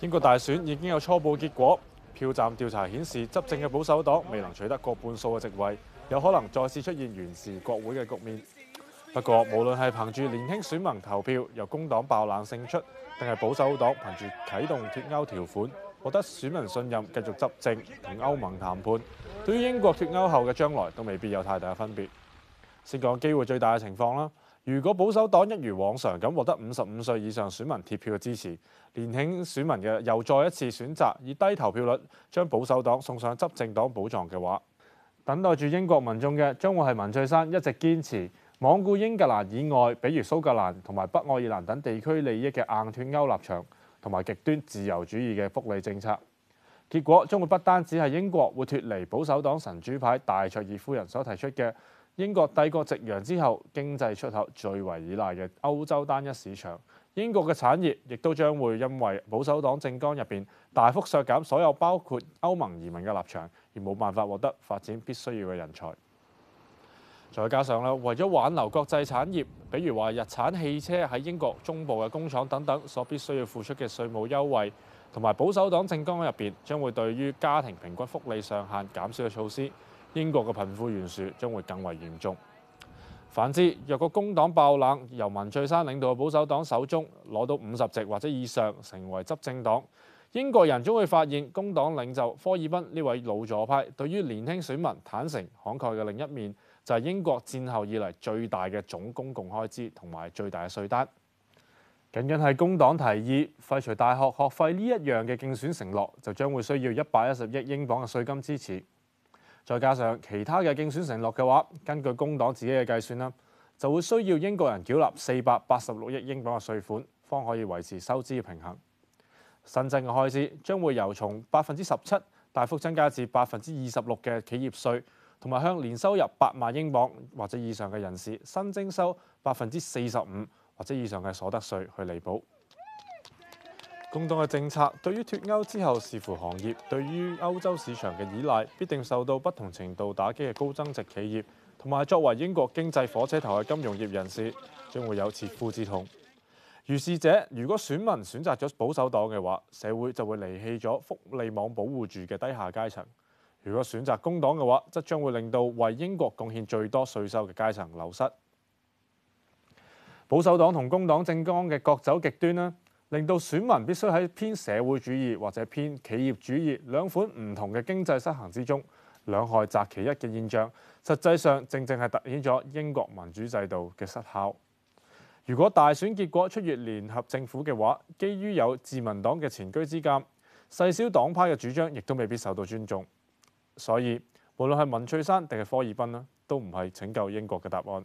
英國大選已經有初步結果，票站調查顯示執政嘅保守黨未能取得過半數嘅席位，有可能再次出現懸峙國會嘅局面。不過，無論係憑住年輕選民投票由工黨爆冷勝出，定係保守黨憑住啟動脫歐條款獲得選民信任繼續執政同歐盟談判，對於英國脫歐後嘅將來都未必有太大嘅分別。先講機會最大嘅情況啦。如果保守黨一如往常咁獲得五十五歲以上選民貼票嘅支持，年輕選民嘅又再一次選擇以低投票率將保守黨送上執政黨寶座嘅話，等待住英國民眾嘅將會係文翠珊一直堅持罔顧英格蘭以外，比如蘇格蘭同埋北愛爾蘭等地區利益嘅硬脫歐立場同埋極端自由主義嘅福利政策，結果將會不單止係英國會脱離保守黨神主牌戴卓爾夫人所提出嘅。英國帝國夕陽之後，經濟出口最為依賴嘅歐洲單一市場，英國嘅產業亦都將會因為保守黨政綱入面大幅削減所有包括歐盟移民嘅立場，而冇辦法獲得發展必須要嘅人才。再加上咧，為咗挽留國際產業，比如話日產汽車喺英國中部嘅工廠等等，所必須要付出嘅稅務優惠，同埋保守黨政綱入面將會對於家庭平均福利上限減少嘅措施。英國嘅貧富懸殊將會更為嚴重。反之，若果工黨爆冷由文翠珊領導嘅保守黨手中攞到五十席或者以上成為執政黨，英國人將會發現工黨領袖科爾賓呢位老左派對於年輕選民坦誠慷慨嘅另一面，就係、是、英國戰後以嚟最大嘅總公共開支同埋最大嘅稅單。僅僅係工黨提議廢除大學學費呢一樣嘅競選承諾，就將會需要一百一十億英鎊嘅稅金支持。再加上其他嘅競選承諾嘅話，根據工黨自己嘅計算啦，就會需要英國人繳納四百八十六億英鎊嘅稅款，方可以維持收支平衡。新增嘅開支將會由從百分之十七大幅增加至百分之二十六嘅企業稅，同埋向年收入八萬英鎊或者以上嘅人士，新徵收百分之四十五或者以上嘅所得稅去彌補。共黨嘅政策對於脱歐之後視乎行業對於歐洲市場嘅依賴，必定受到不同程度打擊嘅高增值企業，同埋作為英國經濟火車頭嘅金融業人士，將會有切膚之痛。於是者，如果選民選擇咗保守黨嘅話，社會就會離棄咗福利網保護住嘅低下階層；如果選擇工黨嘅話，則將會令到為英國貢獻最多稅收嘅階層流失。保守黨同工黨政綱嘅各走極端呢，令到選民必須喺偏社會主義或者偏企業主義兩款唔同嘅經濟失衡之中兩害擇其一嘅現象，實際上正正係凸顯咗英國民主制度嘅失效。如果大選結果出現聯合政府嘅話，基於有自民黨嘅前居之鑑，細小黨派嘅主張亦都未必受到尊重。所以無論係文翠珊定係科爾賓都唔係拯救英國嘅答案。